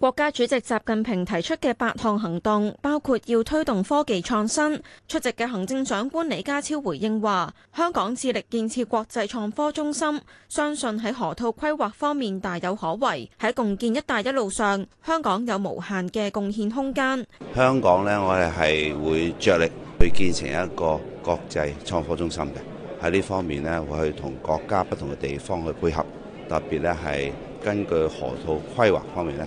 國家主席習近平提出嘅八項行動，包括要推動科技創新。出席嘅行政長官李家超回應話，香港致力建設國際創科中心，相信喺河套規劃方面大有可為。喺共建“一帶一路”上，香港有無限嘅貢獻空間。香港呢，我哋係會着力去建成一個國際創科中心嘅。喺呢方面呢，會去同國家不同嘅地方去配合，特別呢係根據河套規劃方面呢。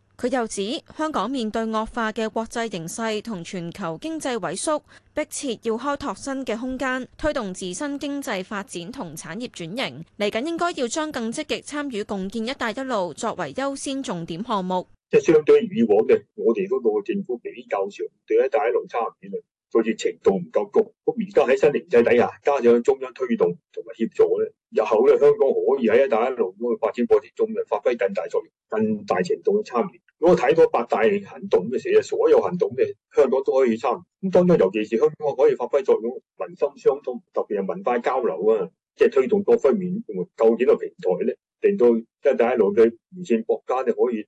佢又指香港面對惡化嘅國際形勢同全球經濟萎縮，迫切要開拓新嘅空間，推動自身經濟發展同產業轉型。嚟緊應該要將更積極參與共建「一帶一路」作為優先重點項目。即係相對以往嘅我哋嗰個政府比較少對一帶一路參與，好似程度唔夠高。咁而家喺新形勢底下，加上中央推動同埋協助咧，日後咧香港可以喺一帶一路咁嘅發展過程中，咧發揮更大作用、更大程度嘅參與。如果睇到八大行動嘅時候，所有行動嘅香港都可以參與。咁當然，尤其是香港可以發揮作用，民心相通，特別係文化交流啊，即係推動各方面構建個平台咧，令到即係一帶一路嘅沿線國家咧可以。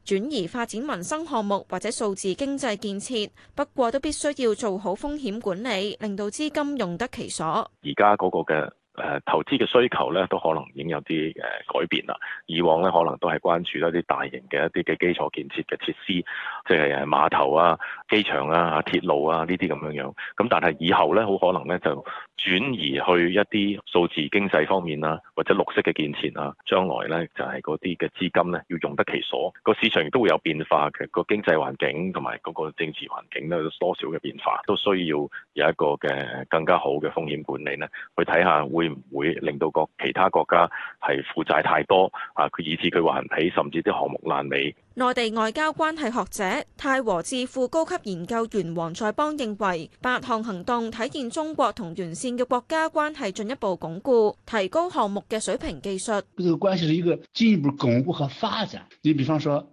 轉移發展民生項目或者數字經濟建設，不過都必須要做好風險管理，令到資金用得其所。而家嗰個嘅。誒投資嘅需求咧，都可能已經有啲誒改變啦。以往咧，可能都係關注一啲大型嘅一啲嘅基礎建設嘅設施，即係誒碼頭啊、機場啊、嚇鐵路啊呢啲咁樣樣。咁但係以後咧，好可能咧就轉移去一啲數字經濟方面啦、啊，或者綠色嘅建設啊。將來咧，就係嗰啲嘅資金咧要用得其所。個市場亦都會有變化嘅，嗰個經濟環境同埋嗰個政治環境都有多少嘅變化，都需要有一個嘅更加好嘅風險管理咧，去睇下會唔會令到個其他國家係負債太多啊，佢以致佢還唔起，甚至啲項目爛尾。內地外交關係學者泰和智庫高級研究員王在邦認為，八項行動體現中國同沿線嘅國家關係進一步鞏固，提高項目嘅水平技術。呢個關係是一個進一步鞏固和發展。你比方說，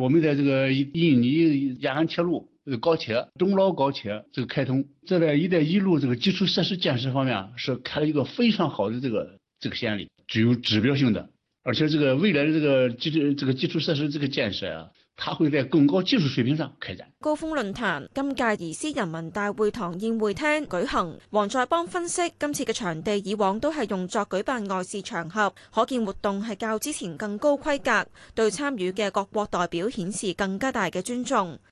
我們在這個印尼雅安鐵路。高鐵，中老高鐵這個開通，這在“一帶一路”這個基礎設施建設方面是開了一個非常好的這個這個先例，具有指標性的。而且這個未來的這個基礎這個基礎設施這個建設啊，它會在更高技術水平上開展。高峰論壇今屆移師人民大會堂宴會廳舉行。王在邦分析，今次嘅場地以往都係用作舉辦外事場合，可見活動係較之前更高規格，對參與嘅各國代表顯示更加大嘅尊重。